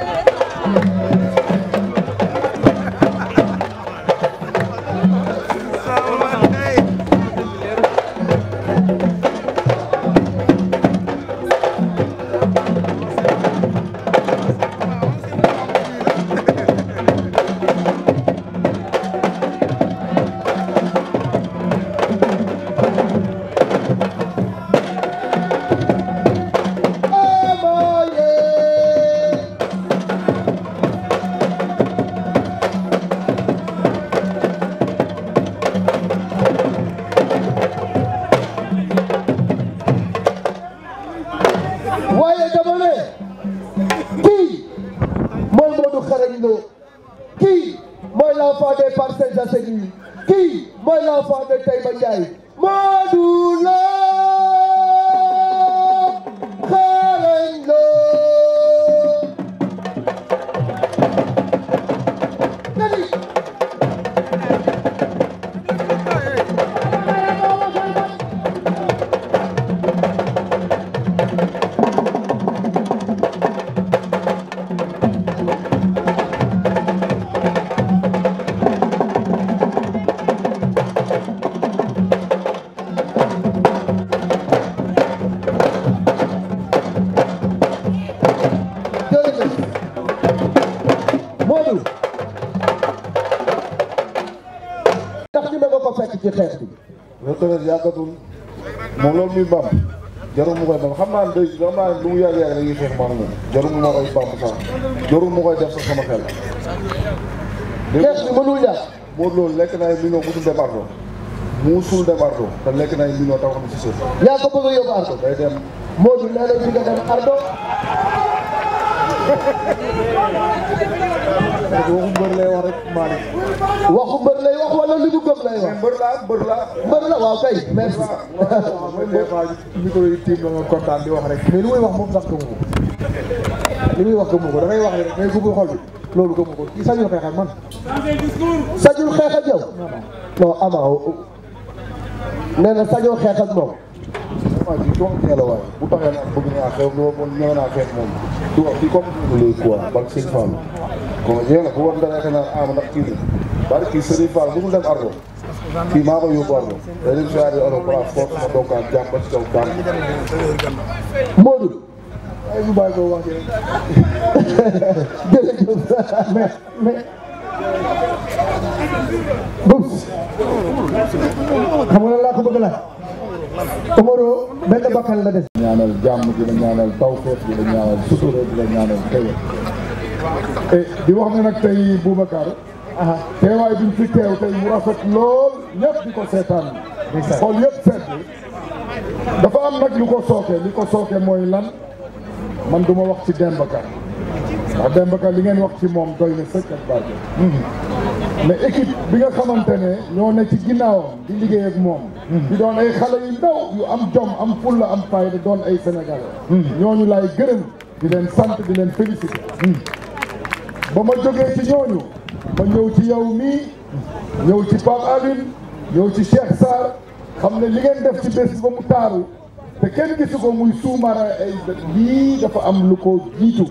moom loolu muy bamb jarul mu koy bamb xam naa ne day xam naa ne lu mu yàgg yàgg dañuy xeex maanaam moom jarul mu ma koy bamb sax jarul mu koy def sax sama xel. léegi mënul ñàkk. lekk na ay millions musul dem ardo musul dem ay millions taw xam ci a yóbbu ardo day dem. Modou nee na dem ardo *laughs* parce que waxu mbër lay wax rek Malick. waxu mbër lay wax wala li mu gëm lay wax. mbër la mbër la. mbër la waaw kay merci. mooy des fois micro yi tiim na nga kontaan di wax rek mais li muy wax moom sax gëmu ko. li muy wax gëmu ko dangay wax rek mais gubul xol bi loolu gëmu ko kii sañul xeex ak man. sañul xeex ak yow. non ama nee na sañoo xeex ak moom. vraiment kii doom nee la waaye bu taxee naan bëgg naa xew loo moom ñëw naa moom du wax kii comme ñu lay a ko am ah, ndax kii la bari kii ko yóbbu ardo day dem soirée ardo place *laughs* Omaro benn bakkan la des. ñaanal jàmm di la ñaanal tawfeex di la ñaanal sutura di la ñaanal xéwal. Eh, di wax na nag tey Boubacar. teewaay bi ñu fi teew tey mu rafet lool ñëpp di ko seetaan. xool yëpp seet dafa am nag lu ko sooke li ko sooke mooy lan man duma wax ci Demba Ka ndax li ngeen wax ci moom doy na sëkk ak barke mhm. mais équipe bi nga xamante ne ñoo ne ci ginnaawam di liggéey ak moom. di doon ay xale yu ndaw yu am jom am fulla am fayda doon ay sénégalais ñooñu laay gërëm di leen sant di leen félicité ba ma jógee ci ñooñu ma ñëw ci yow mii ñëw ci Pape Aline ñëw ci Cheikh Sarr xam ne li ngeen def ci bés ba mu taaru te kenn gisu ko muy suumara ay lii dafa am lu ko jiitu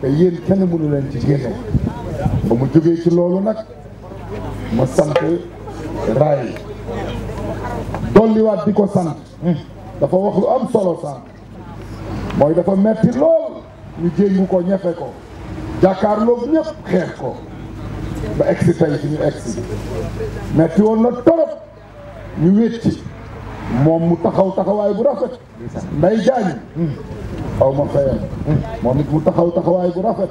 te yéen kenn mënu leen ci génne ba mu jógee ci loolu nag ma sant raay dolliwaat di ko sant dafa wax lu am solo sant mooy dafa metti lool ñu jéngu ko ñefe ko jàkkaarloog ñëpp xeex ko ba egsi tey fi ñu egsi metti woon na torop ñu wécci moom mu taxaw taxawaay bu rafet nday jaañ aw ma fayam moom it mu taxaw taxawaay bu rafet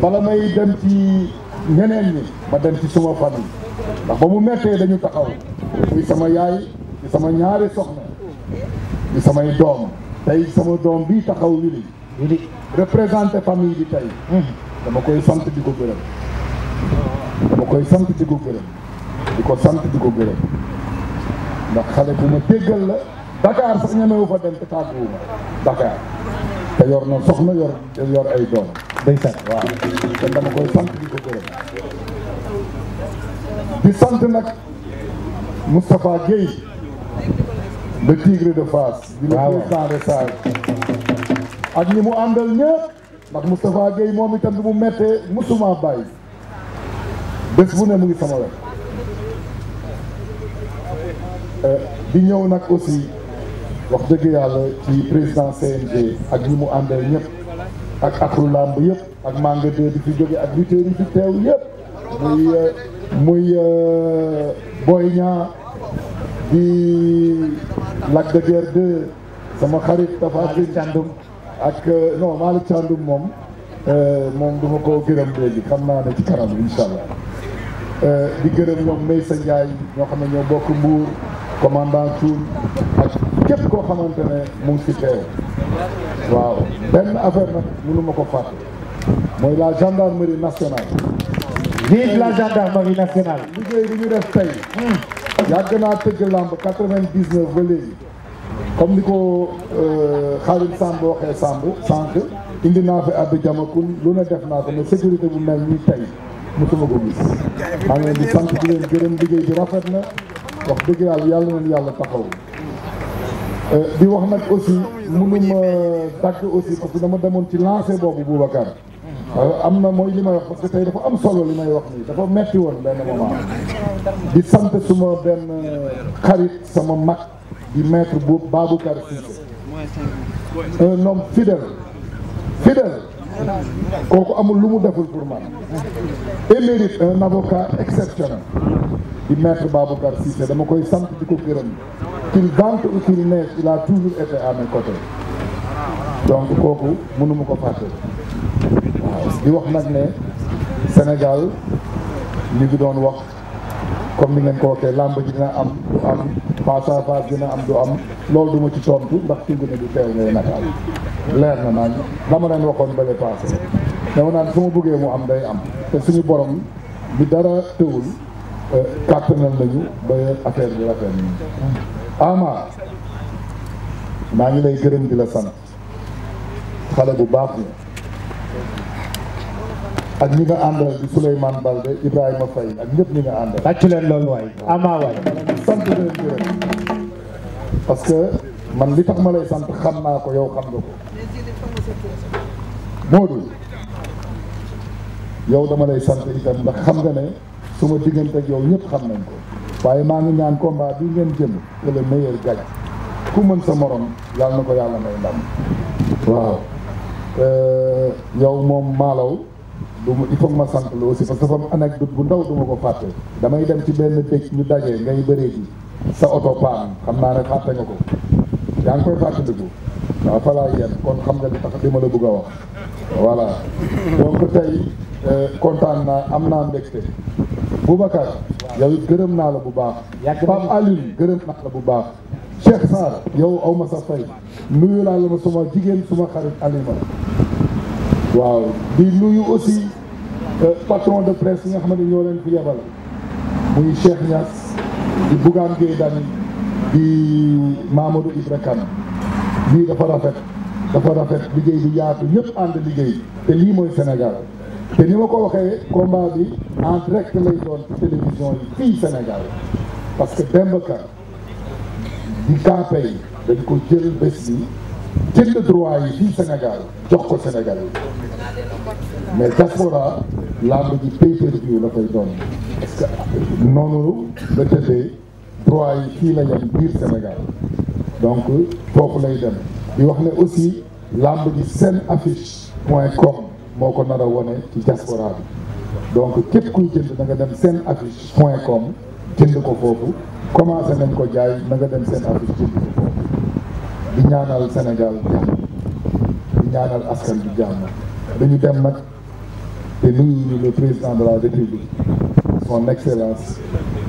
bala may dem ci ñeneen ñi ma dem ci suma famille ndax ba mu mettee dañu taxaw muy sama yaay di sama ñaari soxna di samay doom tey sama doom bii taxaw wili wili représenté famille bi tey hmm. dama koy sant di ko gërëm dama koy sant di ko gërëm di ko sant di ko gërëm ndax xale la Dakar sax ñemewu fa dem te tàgguwuma yor ay doom day ko sant nag Moustapha Gueye le tigre de Fass di le président de Sall ak ñi mu àndal ñëpp ndax Moustapha Gueye moom itam bi mu méttee musuma bàyyi bés bu ne mu ngi sama wet euh, di ñëw nag aussi wax dëgg yàlla ci président CNG ak ñi mu àndal ñëpp ak aklu làmb yëpp ak manga de bi fi jóge ak lutteurs yi fi teew yëpp muy euh, muy euh, Boy Niang di Lac de Guiers 2 sama xarit Tapha Tine Thiandoum ak non Malick Thiandoum moom euh, moom duma ko gërëm léegi xam naa ne ci kanam incha allah euh, di gërëm ñoom Meysa Ndiaye ñoo xam ne ñoo bokk Mbour commandant Thioune ak képp koo xamante ne mu ngi si teew waaw benn affaire nag mënu ko fàtte mooy la gendarmerie nationale vive la gendarmerie nationale. liggéey bi ñu def tey hmm. yàgg naa tëgg làmb quatre vingt dix ba comme ni ko Xaalim euh, Samb waxee Samb sànq indi naa fi àddu jamakul lu ne def naa ko mais sécurité bu mel nii tey mosuma ko gis maa ngi leen di sant di liggéey bi rafet na wax dëgg yàlla yàlla na yàlla taxaw euh, di wax nag aussi mënuma dagg aussi parce dama demoon ci lancé boobu Boubacar am na mooy li may wax parce que tey dafa am solo li may wax nii dafa metti woon benn moment di sant suma benn xarit sama mag di maître baabu Babacar Cissé un homme fidèle fidèle kooku amul lu mu deful pour man émérite un avocat exceptionnel di maître Babacar Cissé dama koy sant di ko gërëm qu'il vente ou qu'il neige il toujours été à mes donc kooku mënuma ko fàtte di wax nag ne Sénégal ñu ngi doon wax comme ni ngeen ko waxee làmb ji dina am du am face à face dina am du am loolu du ma ci tontu ndax ci gën a du teew ngay nataal leer na naan dama leen waxoon bële passé dama naa su ma bëggee mu am day am te suñu borom bi dara tëwul euh, kàttanal nañu ba affaire bi rafet nañu ama maa ngi lay gërëm di la sant xale bu baax la ak ñi nga àndal di Souleymane Balde Ibrahima Faye ak ñëpp ñi nga àndal. tàcc leen loolu waay ama waay. sant leen gërëm parce que man li tax ma lay sant xam naa ko yow xam nga ko. Modou yow dama lay sant itam ndax xam nga ne suma diggante ak yow ñëpp xam nañ ko waaye maa ngi ñaan combat bi ngeen jëm que le meilleur ku mën sa morom yàlla na ko yàlla may ndam waaw euh, yow moom maalaw du ma il faut ma sant la aussi parce que fam anecdote bu ndaw du ma ko fàtte damay dem ci benn dëj ñu daje ngay bëree ji sa oto paan xam naa ne fàtte nga ko yaa ngi koy fàttaliku waaw fa laa yem kon xam nga li tax li ma la bëgg a wax voilà donc tey euh, kontaan naa am naa gërëm naa la bu baax Pape Alioune gërëm naa la bu baax Cheikh Sarr yow aw ma sa fay nuyu laa la ma suma jigéen suma xarit Alima waaw di nuyu aussi euh, patron de presse yi nga xamante ñoo leen fi yebal muy Cheikh Niass di Bougane Gueye di Mamadou Ibra Kane lii dafa rafet dafa rafet liggéey bi yaatu ñëpp ànd liggéey te lii mooy Sénégal te ni ma ko waxee combat bi en direct lay doon ci télévision yi fii Sénégal parce que Demba Ka di campagne dañ ko jël bés bi jënd droit yi fii Sénégal jox ko Sénégal mais diaspora làmb ji pay per view la koy doon noonu la tëddee droit yi fii la yem biir Sénégal donc foofu lay dem di wax ne aussi làmb ji seen affiche point com moo ko nar a wone ci diaspora bi donc képp kuy jënd na nga dem seen affiche point com jënd ko foofu commencé nañ ko jaay na nga dem seen affiche jënd ko foofu di ñaanal Sénégal di ñaanal askan bi jàmm dañu dem nag te nuyu le président de la bi son excellence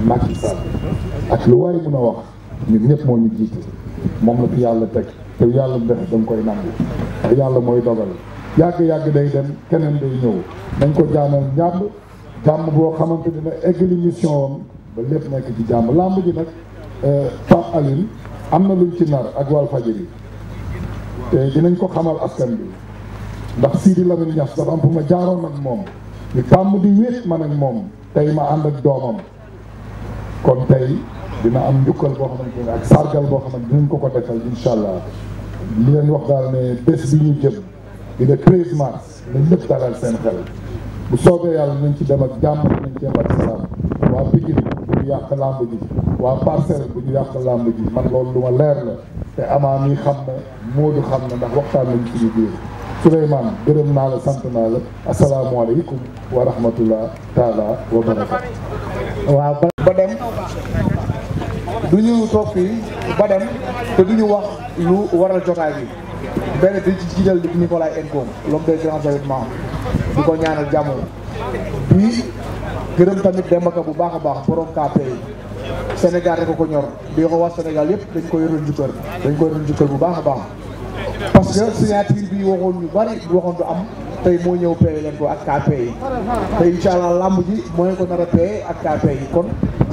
Macky Sall ak lu waay mun a wax ñun ñëpp ñu jiite moom la fi yàlla teg te yàlla def da nga koy nangu te yàlla mooy dogal yàgg-yàgg day dem keneen day ñëw dañ ko jaanal ñàmb jàmm boo xamante dina eggali ba lépp nekk ci jàmm làmb ji nag euh, Pape Alioune am na luñ ci nar ak yi te dinañ ko xamal askan bi ndax Sidi Lamine Niass dafa am fu ma jaaroon ak moom ñu tàmm di wéet man ak moom tey ma ànd ak doomam kon tey dina am njukkal boo xam ne ak sargal boo xamante dinañ ko ko defal incha allah li leen wax daal ne bés bi ñu jëm di le 13 mars dalal seen xel bu soogee yàlla nañ ci dem ak jàmm nañ ci dem ak salaam waa bu ñu yàq làmb ji waa Parcelles bu ñu yàq làmb ji man loolu lu ma leer la te amaa mi xam na Moodu xam na ndax waxtaan nañ ci biir Souleymane gërëm naa la sant naa la asalaamualeykum wa rahmatullah taala wa barakaatu. waaw ba dem du ñu toog fii ba dem te du ñu wax lu waral jotaay bi benn bi ci jiital di Nicolas Nkom l'homme des grands événements di ko ñaanal jàmm bi gërëm tamit dembaka bu baax a baax borom KP Sénégal rek ko ñor di ko wax Sénégal yëpp dañ koy yoroon jukkal dañ koy yoroon jukkal bu baax a baax. parce que signature bi waxoon ñu bari waxoon du am tey moo ñëw paye leen ko ak KP yi te incha allah làmb ji mooy ko nar a paye ak KP yi kon.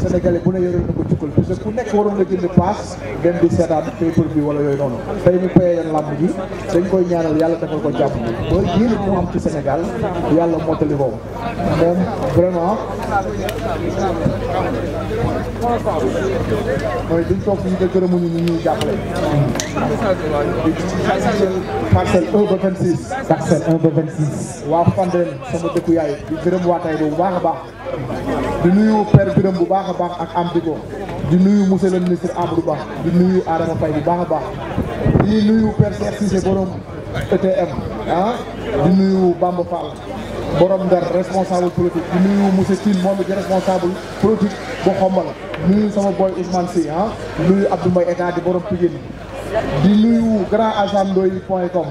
sénégalais bu ne yoreel na ko cukkal parce que ku nekk waroon nga jënd paas dem di seetaan paypal bi wala yooyu noonu tey ñu payee leen làmb ji dañ koy ñaanal yàlla defal ko jàpp bi ba yéen mu am ci Sénégal yàlla mottali boobu moom vraiment mooy duñ toog fii de gërëmuñu ñu ñuy jàppale di jël parcelle 1 ba 26 parcelle 1 ba 26 waa Fandène sama dëkku yaay di gërëm waataay boobu baax a baax di nuyu père Birame bu baax a baax ak am di di nuyu monsieur le ministre Amadou Ba di nuyu Adama Faye bu baax a baax di nuyu père Cheikh Cissé borom ETM ah di nuyu Bamba Fall borom ndar responsable politique di nuyu monsieur Tine moom it responsable politique bu xombal nuyu sama boy Ousmane Sy ah nuyu Abdou Mbaye état di borom Pikine di nuyu grand agent ndoye point com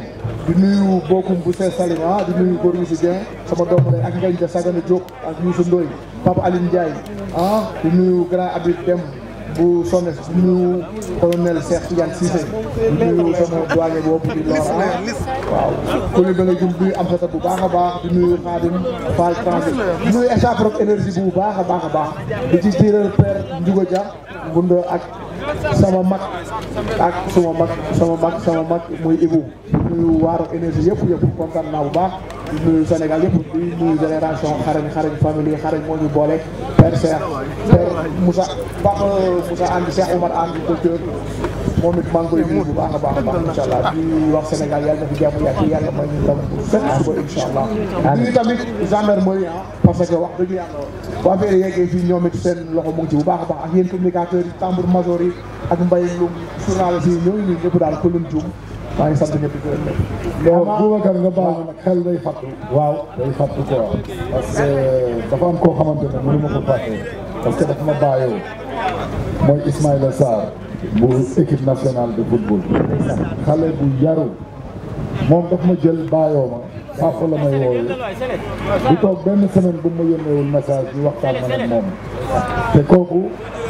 di nuyu bokkum bu see Salima ah, di nuyu góor yu si Dieng sama doomu day ak ngañ ja sagana Diop ak Youssou Ndoye Papa Aline Ndiaye ah, di nuyu grand Habib Dem bu Sones di nuyu colonel Cheikh Tidiane Cissé di nuyu sama doyen boobu di Lora waaw ku ñu danga jum di am sata bu baax a baax di nuyu Khadim Fall transit di nuyu Esafrop énergie bu baax a baax a baax ci tirer père Ndiouga Dia Gunda ak sama mag ak suma mag sama mag sama mag muy Ibou nuyu waaru énergie yëpp yëpp kontaan naa bu baax nuyu Sénégal yëpp di nuyu génération xarañ xarañ famille xarañ moo ñu boole père Cheikh père Moussa Bak Moussa Andy Cheikh Oumar Andy culture moom it maa koy nuyu bu baax baax a baax incha allah di wax Sénégal yàlla na fi jàmm yàgg yàlla may ñu tam fekk tamit gendarmerie ah parce que wax dëgg yàlla waa affaire yeggee fii ñoom it seen loxo mu ngi ci bu baax a baax ak yéen communicateurs yi major yi ak mbay lu journaliste yi ñooñu ñun daal ku lim tuum maa ngi sant ñëpp di gërëm ma nag xel day fàttu. ne mënu ma ko bu équipe nationale de football xale bu yaru moom dafa ma jël bàyyoo sàq la may wooyu du toog benn semaine bu ma yónneewul message bi waxtaan man ak moom te kooku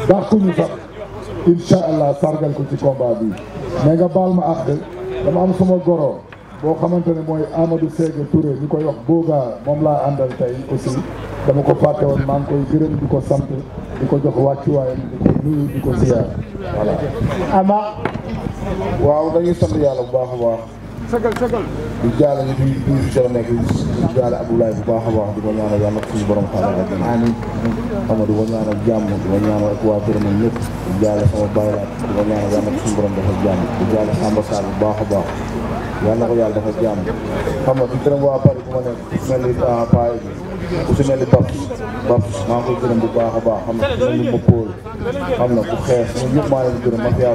dàquñu sax incha allah sargal ko ci combat bi mais nga baal ma àq dama am sama goro boo xamante ne mooy Amadou Séga Touré ñu koy wax boogaa moom laa àndal tey aussi dama ko fàtte woon maa ngi koy gërëm di ko sant di ko jox wàccuwaayam di ko nuyu di ko ziar voilà. Ama waaw dañuy sant yàlla bu baax a baax. sëgal sëgal di jaale ñu fi ñu fi coono nekk di jaale Abdoulaye bu baax a baax di ko ñaanal yàlla suñu borom xaaral ak amiin xam nga di ko ñaanal jàmm di ko ñaanal ak waa këram ñëpp di jaale sama baylaat di ko ñaanal yàlla suñu borom defal jàmm di jaale Samba Sall bu baax a baax waa na ko yàlla dafa jàmm xam nga du gërëm waa Paris bu ma nekk su mel ni paa ah, yi si mel ni Babs Babs maa ngi bu baax a baax xam nga ku mel xam nga ku xeex ñun ñëpp maa ngi gërëm mafia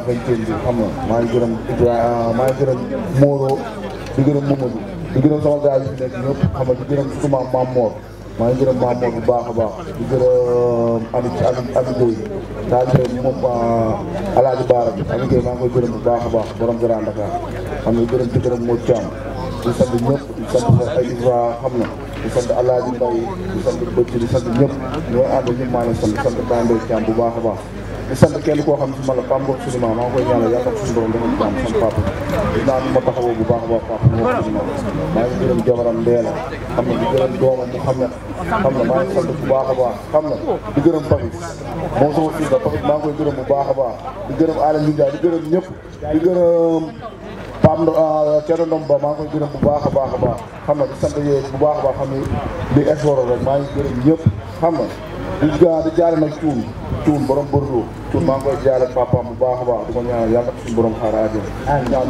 xam nga maa ngi gërëm ah, maa ngi gërëm Moro gërëm Momadou di gërëm sama gars yi nekk ñëpp xam nga di gërëm suma Mamor maa ngi gërëm maam moom bu baax a baax di gërëm ami ami Gueye taalibe bi moom Alaaji Baara bi ami Gueye maa ngi koy gërëm bu baax a baax borom Grand Dakar xam nga gërëm di gërëm moo Thiam di sant ñëpp di sant ay Ibra xam na di sant Alaaji Mbaye di sant bëcc di sant ñëpp ñoo ànd ñu maa leen sant di sant Baye Mbaye Thiam bu baax a baax di sant kenn koo xam si ma la PAM Ngor Sousima maa ngi koy naan ma taxawoo bu baax a baax papa Ngor Sousima maa ngi gërëm jabaram Ndeela xam na di gërëm doomam mu xam ne xam na maa ngi sant bu baax a baax xam na di gërëm Papis moom sama fils la maa ngi koy gërëm bu a baax di gërëm Alioune Ndiaye di gërëm ñëpp di gërëm Pam ah, Thierno Ndomba maa ngi koy gërëm bu baax a baax a baax xam na di sant bu baax a baax xam ne di espoir rek maa ngi gërëm ñëpp xam na di gaa di jaale nag cuun cuun borom Bordeaux maa koy jaale papaam bu baax baax di ko ñaanal yàlla na suñu borom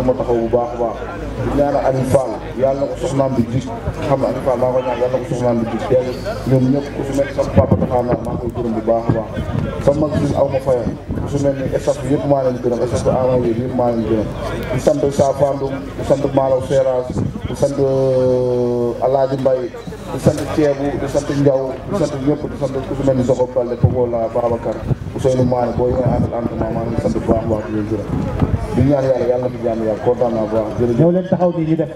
ma taxaw bu baax a baax di ñaanal Aliou Fall yàlla na ko soxnaam bi na Aliou Fall maa ngi koy ñaan yàlla na ko soxnaam bi jig ñëpp ku si mel ni sama papa taxaw naa maa ngi koy gërëm bu baax a baax sama mag ma fayal ku si mel ni staff bi yëpp maa sant Sa Fandum di sant Malaw Seras di sant euh, Alaaji Mbaye di sant ceebu di sant njaw di sant ñëpp di sant ku si mel ni Soxo Balde Pogola Babacar Ousseynou Maane boo ñëwee àndal ànduma maa ngi sant bu baax a baax di leen gërëm di ñaan yàlla yàlla na fi jàmm yàlla kontaan naa bu baax jërëjëf ñëw leen taxaw nii ñu def